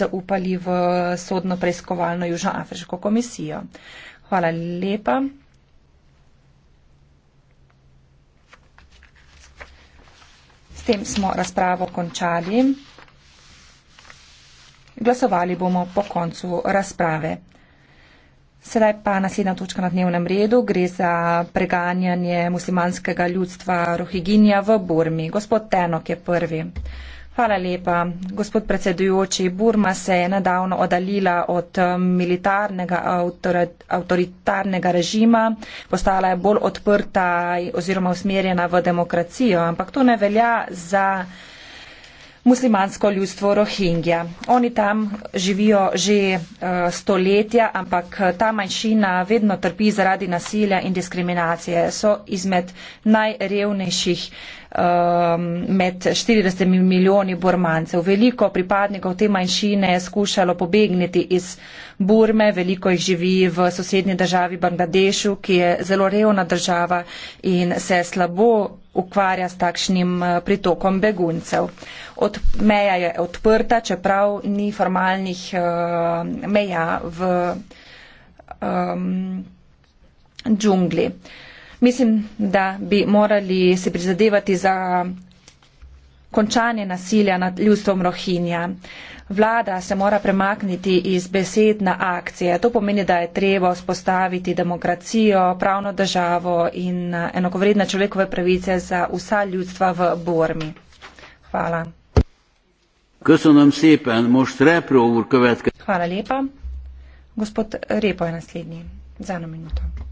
zaupali v sodno preiskovalno Južnoafriško komisijo. Hvala lepa. S tem smo razpravo končali. Glasovali bomo po koncu razprave. Sedaj pa naslednja točka na dnevnem redu. Gre za preganjanje muslimanskega ljudstva Rohiginja v Burmi. Gospod Tenok je prvi. Hvala lepa. Gospod predsedujoči, Burma se je nedavno odalila od um, militarnega avtoritarnega režima, postala je bolj odprta oziroma usmerjena v demokracijo, ampak to ne velja za muslimansko ljudstvo Rohingja. Oni tam živijo že uh, stoletja, ampak uh, ta manjšina vedno trpi zaradi nasilja in diskriminacije. So izmed najrevnejših uh, um, med 40 milijoni burmancev. Veliko pripadnikov te manjšine je skušalo pobegniti iz Burme, veliko jih živi v sosednji državi Bangladešu, ki je zelo revna država in se slabo ukvarja s takšnim uh, pritokom beguncev. Od, meja je odprta, čeprav ni formalnih uh, meja v um, džungli. Uh, Mislim, da bi morali se prizadevati za končanje nasilja nad ljudstvom Rohinja. Vlada se mora premakniti iz besed na akcije. To pomeni, da je treba vzpostaviti demokracijo, pravno državo in enakovredne človekove pravice za vsa ljudstva v Bormi. Hvala. Hvala lepa. Gospod Repo je naslednji. Za eno minuto.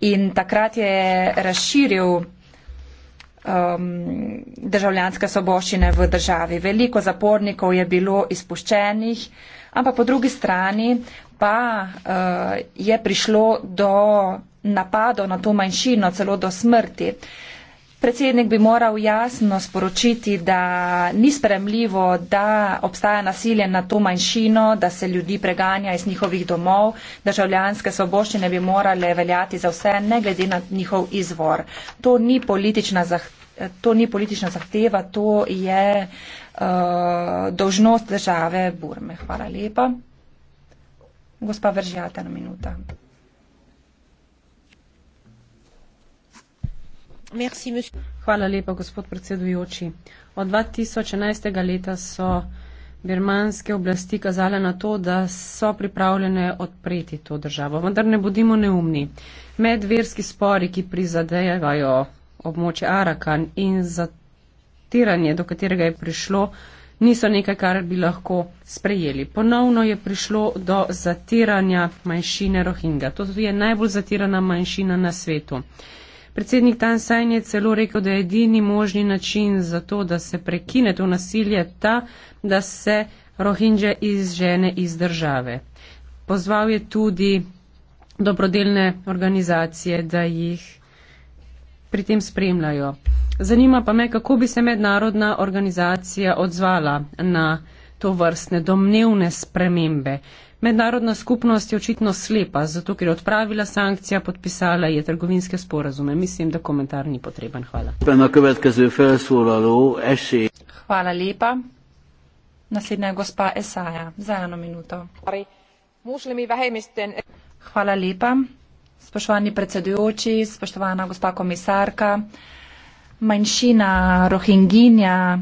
in takrat je razširil um, državljanske soboščine v državi. Veliko zapornikov je bilo izpuščenih, ampak po drugi strani pa uh, je prišlo do napadov na to manjšino, celo do smrti. Uh, Predsednik bi moral jasno sporočiti, da ni spremljivo, da obstaja nasilje na to manjšino, da se ljudi preganja iz njihovih domov, državljanske svoboščine bi morale veljati za vse, ne glede na njihov izvor. To ni politična zahteva. To ni politična zahteva, to je uh, eh, dožnost države Burme. Hvala lepa. Gospa Veržjata na minuta. Hvala lepa, gospod predsedujoči. Od 2011. leta so birmanske oblasti kazale na to, da so pripravljene odpreti to državo. Vendar ne bodimo neumni. Medverski spori, ki prizadevajo območje Arakan in zatiranje, do katerega je prišlo, niso nekaj, kar bi lahko sprejeli. Ponovno je prišlo do zatiranja manjšine Rohingja. To je najbolj zatirana manjšina na svetu. Predsednik Tansajn je celo rekel, da je edini možni način za to, da se prekine to nasilje, ta, da se Rohingje izžene iz države. Pozval je tudi dobrodelne organizacije, da jih pri tem spremljajo. Zanima pa me, kako bi se mednarodna organizacija odzvala na to vrstne domnevne spremembe. Mednarodna skupnost je očitno slepa, zato ker je odpravila sankcija, podpisala je trgovinske sporazume. Mislim, da komentar ni potreben. Hvala. Hvala lepa. Naslednja je gospa Esaja za eno minuto. Hvala lepa. Spoštovani predsedujoči, spoštovana gospa komisarka, manjšina Rohinginja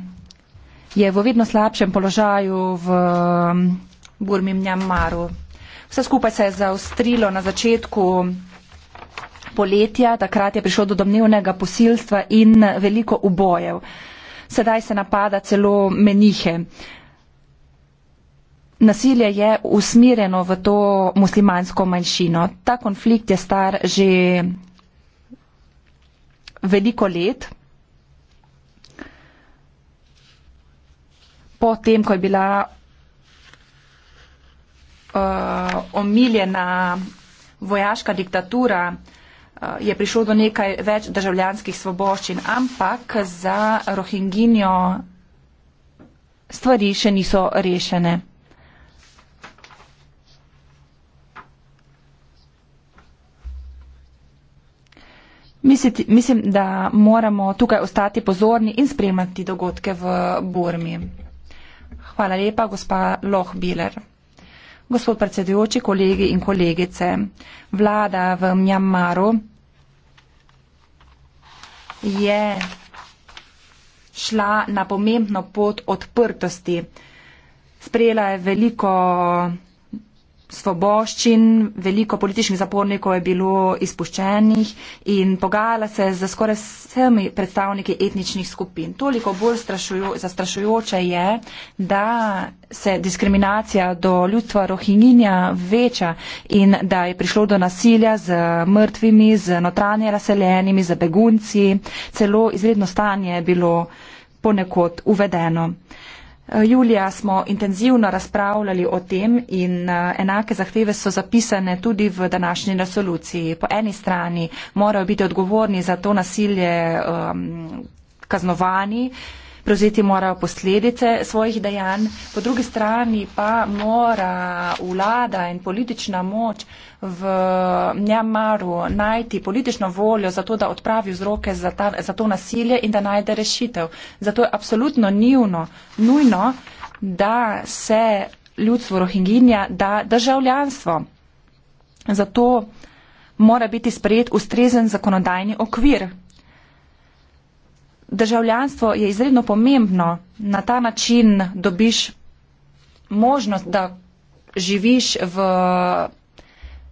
je v vedno slabšem položaju v Burmi Mjammaru. Vse skupaj se je zaostrilo na začetku poletja, takrat je prišlo do domnevnega posilstva in veliko ubojev. Sedaj se napada celo menihe. Nasilje je usmirjeno v to muslimansko manjšino. Ta konflikt je star že veliko let. Potem, ko je bila uh, omiljena vojaška diktatura eh, je prišlo do nekaj več državljanskih svoboščin, ampak za Rohinginjo stvari še niso rešene. Misliti, mislim, da moramo tukaj ostati pozorni in spremati dogodke v Burmi. Hvala lepa, gospa Loh Biler. Gospod predsedujoči, kolegi in kolegice, vlada v Mjanmaru je šla na pomembno pot odprtosti. Sprejela je veliko svoboščin, veliko političnih zapornikov je bilo izpuščenih in pogajala se z skoraj vsemi predstavniki etničnih skupin. Toliko bolj strašujo, zastrašujoče je, da se diskriminacija do ljudstva rohinjinja veča in da je prišlo do nasilja z mrtvimi, z notranje razseljenimi, z begunci. Celo izredno stanje je bilo ponekod uvedeno. Eh, julija smo intenzivno razpravljali o tem in eh, enake zahteve so zapisane tudi v današnji resoluciji. Po eni strani morajo biti odgovorni za to nasilje um, kaznovani, uh, prevzeti morajo posledice svojih dejanj, po drugi strani pa mora vlada in politična moč v Mjamaru najti politično voljo za to, da odpravi vzroke za, ta, za to nasilje in da najde rešitev. Zato je absolutno nivno, nujno, da se ljudstvo Rohinginja da državljanstvo. Zato mora biti sprejet ustrezen zakonodajni okvir državljanstvo je izredno pomembno. Na ta način dobiš možnost, da živiš v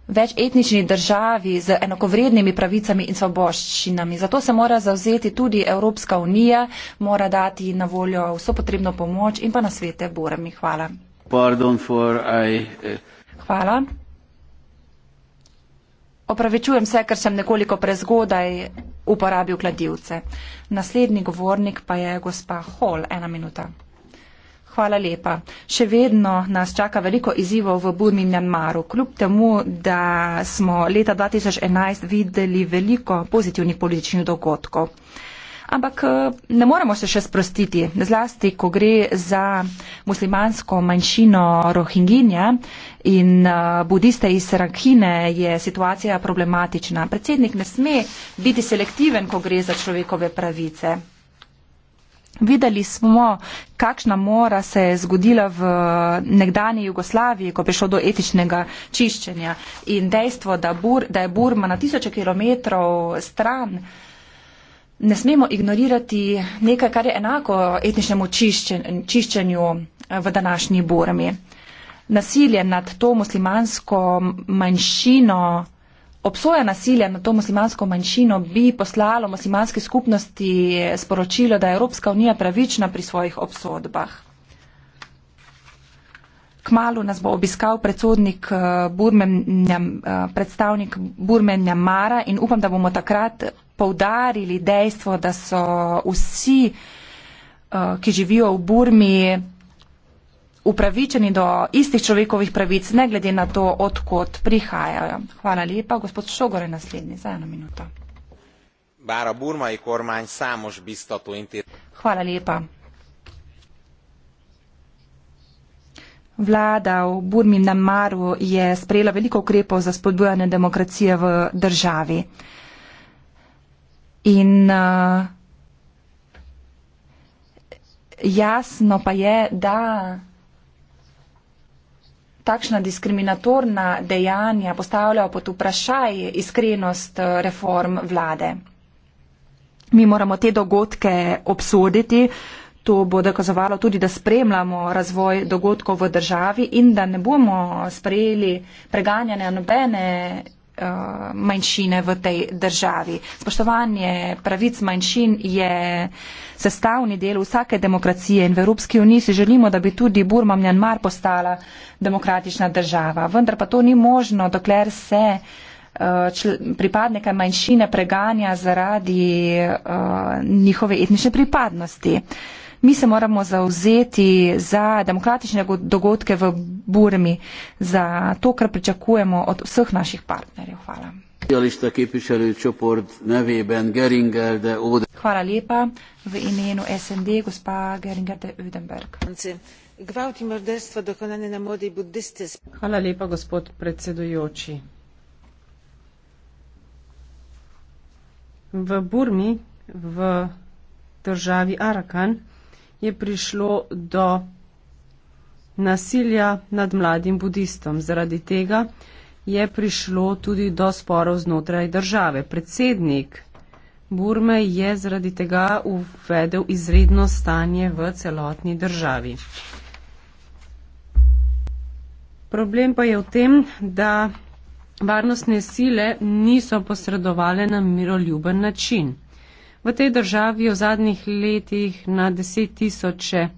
več etnični državi z enakovrednimi pravicami in svoboščinami. Zato se mora zavzeti tudi Evropska unija, mora dati na voljo vso potrebno pomoč in pa na svete borami. Hvala. For, I, uh... Hvala. Opravičujem se, ker sem nekoliko prezgodaj uporabil kladivce. Naslednji govornik pa je gospa Hall, ena minuta. Hvala lepa. Še vedno nas čaka veliko izzivov v Burmi in Mjanmaru. Kljub temu, da smo leta 2011 videli veliko pozitivnih političnih dogodkov ampak eh, ne moremo se še sprostiti, zlasti, ko gre za muslimansko manjšino Rohinginja in eh, budiste iz Rakhine, je situacija problematična. Predsednik ne sme biti selektiven, ko gre za človekove pravice. Videli smo, kakšna mora se je zgodila v nekdani Jugoslaviji, ko je prišlo do etičnega čiščenja in dejstvo, da, bur, da je Burma na tisoče kilometrov stran uh, ne smemo ignorirati nekaj, kar je enako etničnemu čiščen, čiščenju eh, v današnji Burmi. Nasilje nad to muslimansko manjšino, obsoja nasilja nad to muslimansko manjšino bi poslalo muslimanski skupnosti eh, sporočilo, da je Evropska unija pravična pri svojih obsodbah. Kmalu nas bo obiskal predsodnik eh, Burmenja, predstavnik Burmenja Mara in upam, da bomo takrat poudarili dejstvo, da so vsi, eh, ki živijo v Burmi, upravičeni do istih človekovih pravic, ne glede na to, odkot prihajajo. Hvala lepa. Gospod Šogor je naslednji za eno minuto. Bara Burma je kormanj samož bistotu in te. Hvala lepa. Vlada v Burmi na Maru je sprejela veliko ukrepov za spodbujanje demokracije v državi. In uh, jasno pa je, da takšna diskriminatorna dejanja postavljajo pod vprašaj iskrenost uh, reform vlade. Mi moramo te dogodke obsoditi. To bo dokazovalo tudi, da spremljamo razvoj dogodkov v državi in da ne bomo sprejeli preganjanja nobene Eh, manjšine v tej državi. Spoštovanje pravic manjšin je sestavni del vsake demokracije in v Evropski uniji si želimo, da bi tudi Burma Mjanmar postala demokratična država. Vendar pa to ni možno, dokler se eh, pripadnika manjšine preganja zaradi uh, njihove etnične pripadnosti. Uh, Mi se moramo zauzeti za demokratične dogodke v Burmi, za to, kar pričakujemo od vseh naših partnerjev. Hvala. Hvala lepa v imenu SND, gospa Geringer de Udenberg. Hvala lepa, gospod predsedujoči. V Burmi, v državi Arakan, je prišlo do nasilja nad mladim budistom. Zaradi tega je prišlo tudi do sporov znotraj države. Predsednik Burme je zaradi tega uvedel izredno stanje v celotni državi. Problem pa je v tem, da varnostne sile niso posredovale na miroljuben način. V tej državi je v zadnjih letih na deset tisoče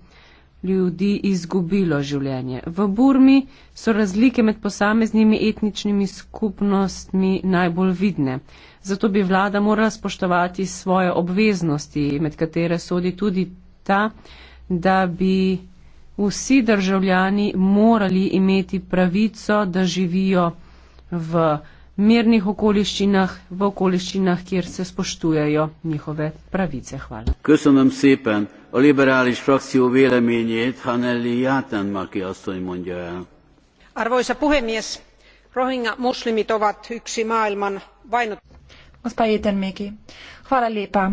ljudi izgubilo življenje. V Burmi so razlike med posameznimi etničnimi skupnostmi najbolj vidne. Zato bi vlada morala spoštovati svoje obveznosti, med katere sodi tudi ta, da bi vsi državljani morali imeti pravico, da živijo v državi mirnih okoliščinah, v okoliščinah, kjer se spoštujejo njihove pravice. Hvala. Köszönöm szépen a liberális frakció véleményét, Haneli Jaten, aki azt mondja el. Arvoisa puhemies, Rohingya muslimit ovat yksi maailman vainot. Gospa Jetenmeki, hvala lepa.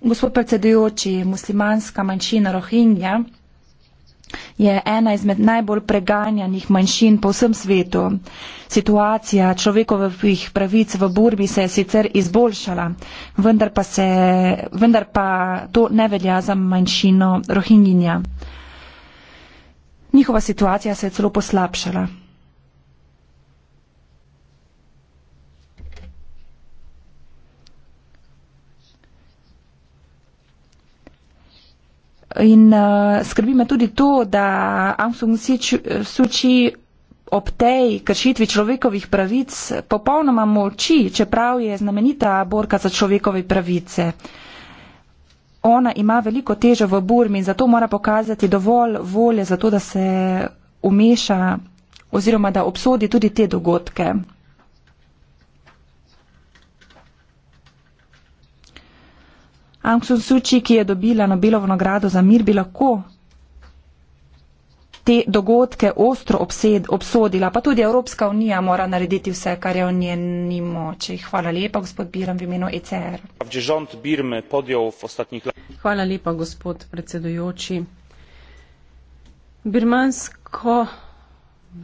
Gospod predsedujoči, muslimanska manjšina Rohingja je ena izmed najbolj preganjanih manjšin po vsem svetu. Situacija človekovih pravic v Burbi se je sicer izboljšala, vendar pa, se, vendar pa to ne velja za manjšino Rohinginja. Njihova situacija se je celo poslabšala. In uh, skrbi me tudi to, da Aung San Suu Kyi eh, ob tej kršitvi človekovih pravic popolnoma moči, čeprav je znamenita borka za človekove pravice. Ona ima veliko težo v Burmi in zato mora pokazati dovolj volje za to, da se umeša oziroma da obsodi tudi te dogodke. Aung San Suu Kyi, ki je dobila Nobelovo nagrado za mir, bi lahko te dogodke ostro obsed, obsodila, pa tudi Evropska unija mora narediti vse, kar je v njeni moči. Hvala lepa, gospod Biram, v imenu ECR. Hvala lepa, gospod predsedujoči. Birmansko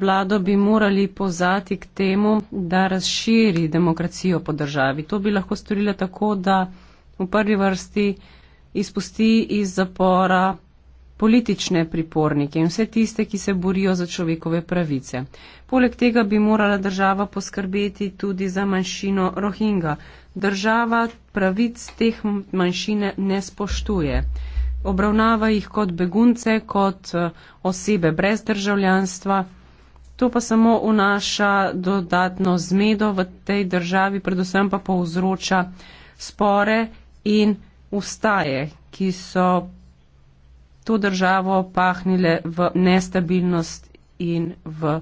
vlado bi morali pozati k temu, da razširi demokracijo po državi. To bi lahko storila tako, da v prvi vrsti izpusti iz zapora politične pripornike in vse tiste, ki se borijo za človekove pravice. Poleg tega bi morala država poskrbeti tudi za manjšino Rohinga. Država pravic teh manjšine ne spoštuje. Obravnava jih kot begunce, kot eh, osebe brez državljanstva. To pa samo unaša dodatno zmedo v tej državi, predvsem pa povzroča spore in ustaje, ki so to državo pahnile v nestabilnost in v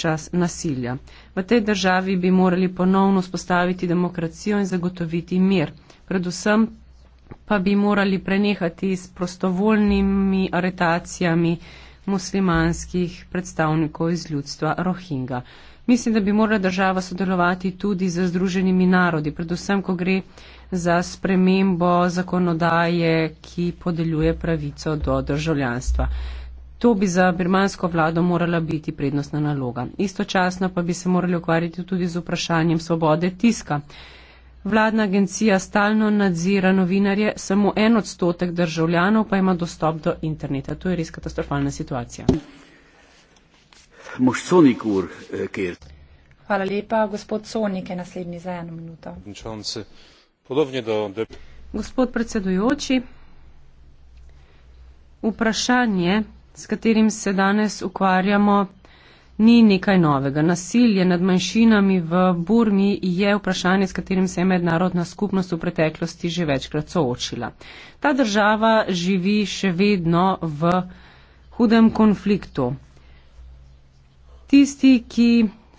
čas nasilja. V tej državi bi morali ponovno spostaviti demokracijo in zagotoviti mir. Predvsem pa bi morali prenehati s prostovoljnimi aretacijami muslimanskih predstavnikov iz ljudstva Rohinga. Mislim, da bi morala država sodelovati tudi z združenimi narodi, predvsem, ko gre za spremembo zakonodaje, ki podeljuje pravico do državljanstva. To bi za birmansko vlado morala biti prednostna naloga. Istočasno pa bi se morali ukvarjati tudi z vprašanjem svobode tiska. Vladna agencija stalno nadzira novinarje, samo en odstotek državljanov pa ima dostop do interneta. To je res katastrofalna situacija. Mož Sonik ur, eh, ker. Hvala lepa. Gospod Sonik je naslednji za eno minuto. Podobne, da, da... Gospod predsedujoči, vprašanje, s katerim se danes ukvarjamo, ni nekaj novega. Nasilje nad manjšinami v Burmi je vprašanje, s katerim se je mednarodna skupnost v preteklosti že večkrat soočila. Ta država živi še vedno v hudem konfliktu. Tisti, ki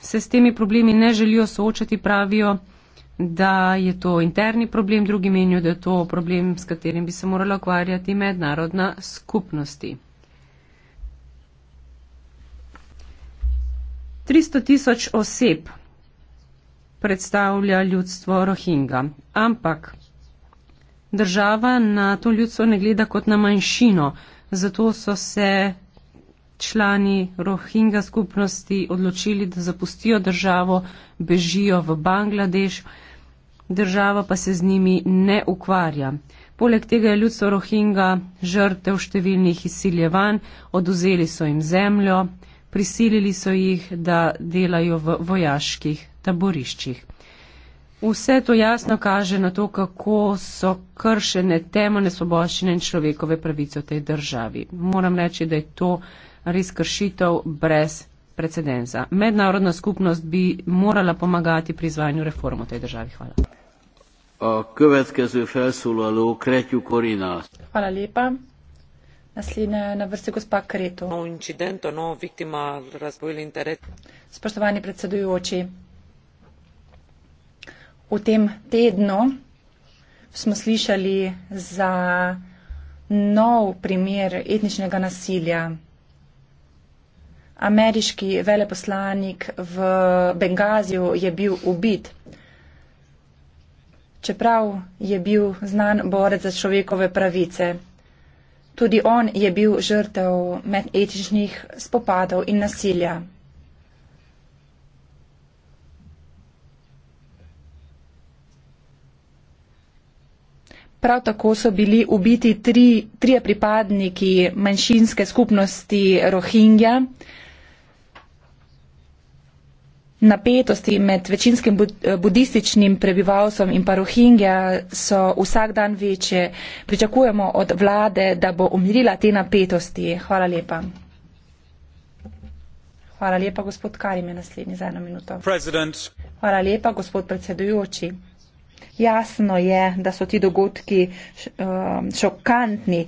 se s temi problemi ne želijo soočati, pravijo, da je to interni problem, drugi menijo, da je to problem, s katerim bi se morala ukvarjati mednarodna skupnosti. 300 tisoč oseb predstavlja ljudstvo Rohinga, ampak država na to ljudstvo ne gleda kot na manjšino, zato so se člani Rohinga skupnosti odločili, da zapustijo državo, bežijo v Bangladeš, država pa se z njimi ne ukvarja. Poleg tega je ljudstvo Rohinga žrtev številnih izsiljevanj, oduzeli so jim zemljo, prisilili so jih, da delajo v vojaških taboriščih. Vse to jasno kaže na to, kako so kršene temeljne svoboščine in človekove pravice v tej državi. Moram reči, da je to res kršitev brez precedenza. Mednarodna skupnost bi morala pomagati pri izvajanju reform v tej državi. Hvala. A következő felszólaló Kretyú Korina. Hvala lépa. Naslednja je na vrsti gospa Kreto. Nov incident, nov viktima razbojili interes. Spoštovani predsedujoči, v tem tednu smo slišali za nov primer etničnega nasilja. Ameriški veleposlanik v Bengaziju je bil ubit. Čeprav je bil znan borec za človekove pravice. Tudi on je bil žrtev medetičnih spopadov in nasilja. Prav tako so bili ubiti tri, trije pripadniki manjšinske skupnosti Rohingja, Napetosti med večinskim budističnim prebivalstvom in parohingja so vsak dan večje. Pričakujemo od vlade, da bo umirila te napetosti. Hvala lepa. Hvala lepa, gospod Karim, je naslednji za eno minuto. President. Hvala lepa, gospod predsedujoči. Jasno je, da so ti dogodki eh, šokantni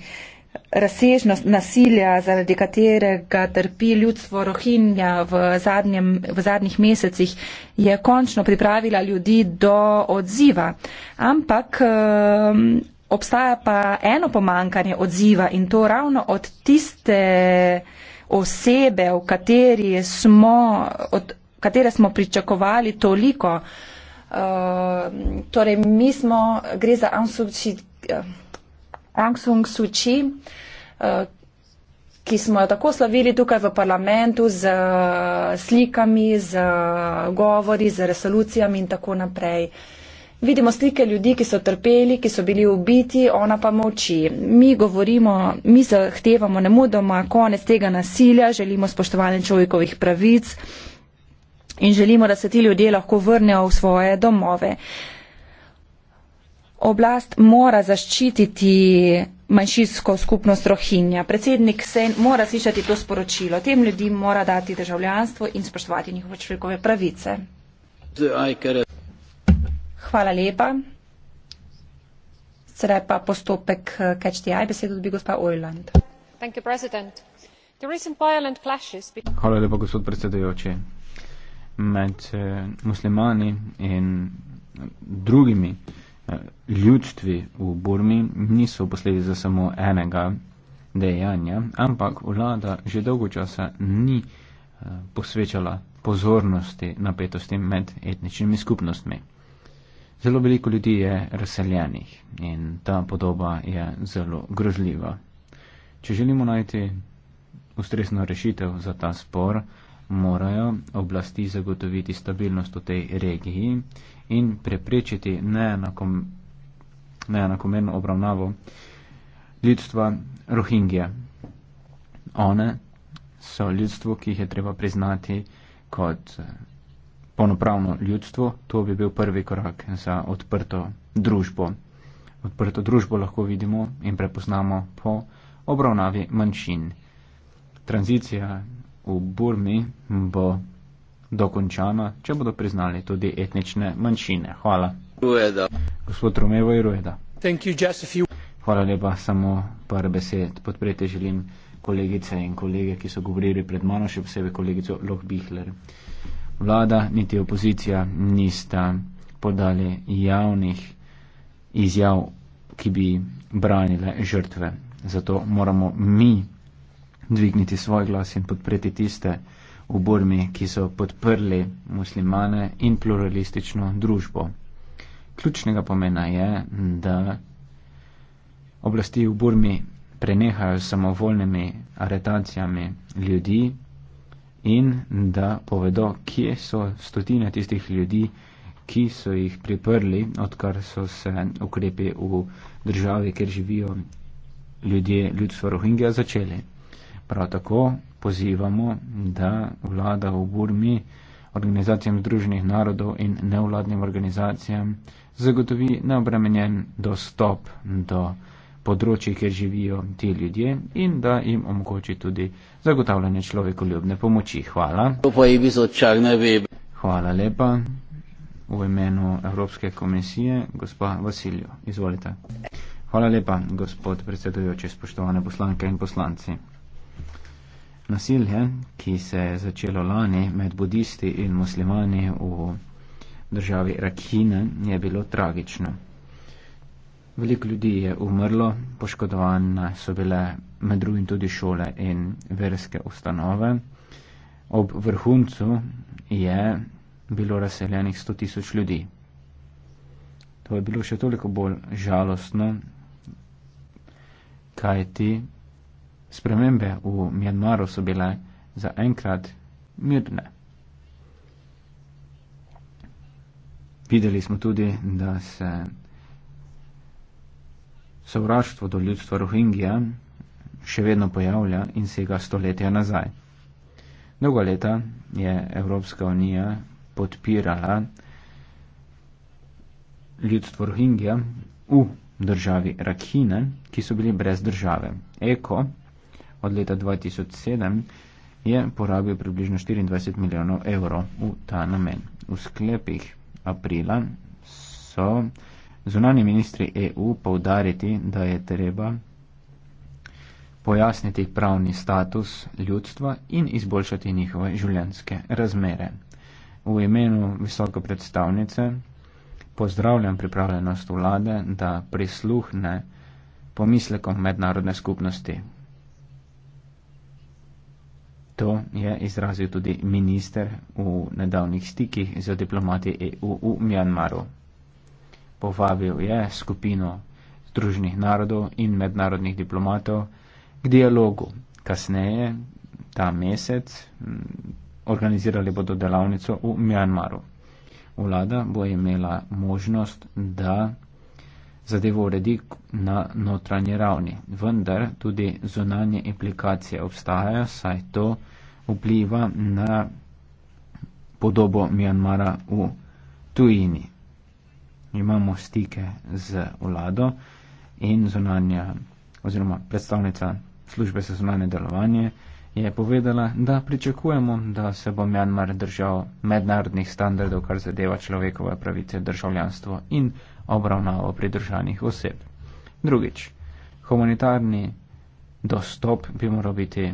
razsežnost nasilja, zaradi katerega trpi ljudstvo Rohinja v, zadnjem, v zadnjih mesecih, je končno pripravila ljudi do odziva. Ampak um, obstaja pa eno pomankanje odziva in to ravno od tiste osebe, v kateri smo, od katere smo pričakovali toliko. Uh, torej, mi smo, gre za Ansuči. Uh, Aung San Suu Kyi, eh, ki smo jo tako slavili tukaj v parlamentu z eh, slikami, z eh, govori, z resolucijami in tako naprej. Vidimo slike ljudi, ki so trpeli, ki so bili ubiti, ona pa moči. Mi govorimo, mi zahtevamo nemudoma konec tega nasilja, želimo spoštovanje človekovih pravic in želimo, da se ti ljudje lahko vrnejo v svoje domove. Uh, oblast mora zaščititi manjšinsko skupnost Rohinja. Predsednik se mora slišati to sporočilo. Tem ljudem mora dati državljanstvo in spoštovati njihove človekove pravice. Hvala lepa. Sedaj pa postopek KHTI. Eh, Besedo dobi gospa Ojland. Hvala lepa, gospod predsedujoči. Med eh, muslimani in drugimi uh, ljudstvi v Burmi niso posledica samo enega dejanja, ampak vlada že dolgo časa ni eh, posvečala pozornosti napetosti med etničnimi skupnostmi. Zelo veliko ljudi je razseljenih in ta podoba je zelo grozljiva. Če želimo najti ustrezno rešitev za ta spor, morajo oblasti zagotoviti stabilnost v tej regiji in preprečiti neenakom, neenakomerno obravnavo ljudstva Rohingje. One so ljudstvo, ki jih je treba priznati kot eh, polnopravno ljudstvo. To bi bil prvi korak za odprto družbo. Odprto družbo lahko vidimo in prepoznamo po obravnavi manjšin. Tranzicija v Burmi bo dokončana, če bodo priznali tudi etnične manjšine. Hvala. Rueda. Gospod Romevo je Rueda. You, Hvala lepa, samo par besed. Podprete želim kolegice in kolege, ki so govorili pred mano, še posebej kolegico Loh Bihler. Vlada niti opozicija nista podali javnih izjav, ki bi branile žrtve. Zato moramo mi dvigniti svoj glas in podpreti tiste v Burmi, ki so podprli muslimane in pluralistično družbo. Ključnega pomena je, da oblasti v Burmi prenehajo s samovoljnimi aretacijami ljudi in da povedo, kje so stotine tistih ljudi, ki so jih priprli, odkar so se ukrepi v državi, kjer živijo ljudje ljudstva Rohingja začeli. Prav tako pozivamo, da vlada v Burmi organizacijam Združenih narodov in nevladnim organizacijam zagotovi neobremenjen dostop do področji, kjer živijo ti ljudje in da jim omogoči tudi zagotavljanje človekoljubne pomoči. Hvala. Hvala lepa v imenu Evropske komisije, gospod Vasiljo. Izvolite. Hvala lepa, gospod predsedujoči, spoštovane poslanke in poslanci nasilje, ki se je začelo lani med budisti in muslimani v državi Rakhine, je bilo tragično. Veliko ljudi je umrlo, poškodovane so bile med drugim tudi šole in verske ustanove. Ob vrhuncu je bilo razseljenih 100 tisoč ljudi. To je bilo še toliko bolj žalostno, kajti Spremembe v Mjanmaru so bile zaenkrat mirne. Videli smo tudi, da se sovraštvo do ljudstva Rohingija še vedno pojavlja in sega stoletja nazaj. Dolgo leta je Evropska unija podpirala ljudstvo Rohingija v državi Rakhine, ki so bili brez države. Eko od leta 2007 je porabil približno 24 milijonov evrov v ta namen. V sklepih aprila so zunani ministri EU povdariti, da je treba pojasniti pravni status ljudstva in izboljšati njihove življenjske razmere. V imenu visoke predstavnice pozdravljam pripravljenost vlade, da prisluhne pomislekom mednarodne skupnosti, To je izrazil tudi minister v nedavnih stikih z diplomati EU v Mjanmaru. Povabil je skupino združenih narodov in mednarodnih diplomatov k dialogu. Kasneje, ta mesec, mm, organizirali bodo delavnico v Mjanmaru. Vlada bo imela možnost, da zadevo uredi na notranji ravni. Vendar tudi zunanje implikacije obstajajo, saj to vpliva na podobo Mjanmara v tujini. Imamo stike z vlado in zunanja oziroma predstavnica službe za zunanje delovanje je povedala, da pričakujemo, da se bo Mjanmar držal mednarodnih standardov, kar zadeva človekove pravice, državljanstvo in obravnavo pridržanih oseb. Drugič, humanitarni dostop bi moral biti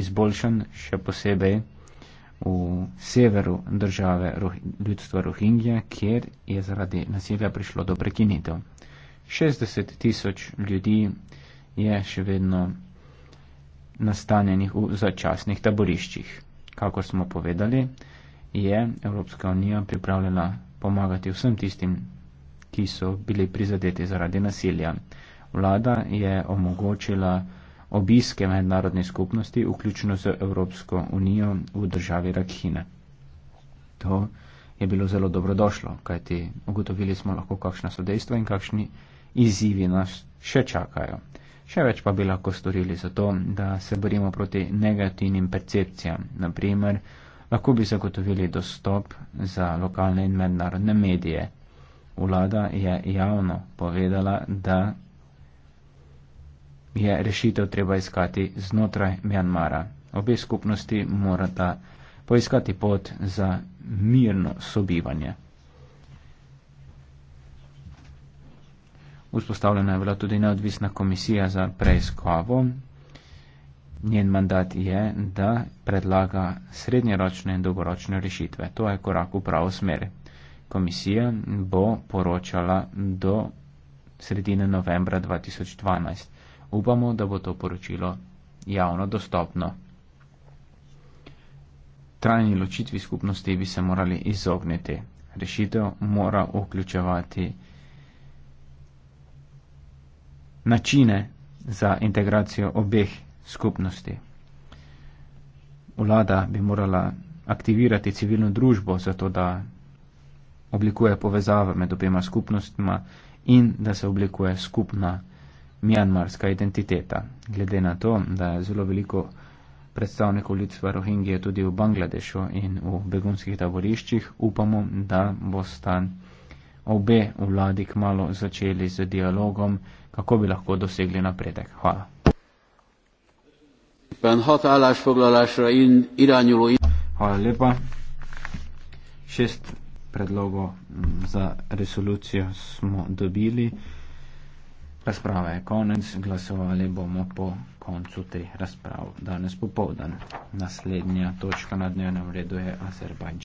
izboljšan, še posebej v severu države ljudstva Rohingja, kjer je zaradi nasilja prišlo do prekinitev. 60 tisoč ljudi je še vedno nastanjenih v začasnih taboriščih. Kako smo povedali, je Evropska unija pripravljena pomagati vsem tistim ki so bili prizadeti zaradi nasilja. Vlada je omogočila obiske mednarodne skupnosti, vključno z Evropsko unijo v državi Rakhine. To je bilo zelo dobrodošlo, kajti ugotovili smo lahko, kakšna so dejstva in kakšni izzivi nas še čakajo. Še več pa bi lahko storili za to, da se borimo proti negativnim percepcijam. Naprimer, lahko bi zagotovili dostop za lokalne in mednarodne medije vlada je javno povedala, da je rešitev treba iskati znotraj Mjanmara. Obe skupnosti morata poiskati pot za mirno sobivanje. Vzpostavljena je bila tudi neodvisna komisija za preiskavo. Njen mandat je, da predlaga srednjeročne in dolgoročne rešitve. To je korak v pravo smer komisija bo poročala do sredine novembra 2012. Upamo, da bo to poročilo javno dostopno. Trajni ločitvi skupnosti bi se morali izogniti. Rešitev mora vključevati načine za integracijo obeh skupnosti. Vlada bi morala aktivirati civilno družbo, zato da oblikuje povezave med obema skupnostma in da se oblikuje skupna mjanmarska identiteta. Glede na to, da je zelo veliko predstavnikov ljudstva Rohingije tudi v Bangladešu in v begunskih taboriščih, upamo, da bo stan obe vladi kmalo začeli z dialogom, kako bi lahko dosegli napredek. Hvala. Hvala lepa. Šest predlogo mm, za resolucijo smo dobili. Razprava je konec, glasovali bomo po koncu te razprave. Danes popovdan. Naslednja točka na dnevnem redu je Azerbajdžan.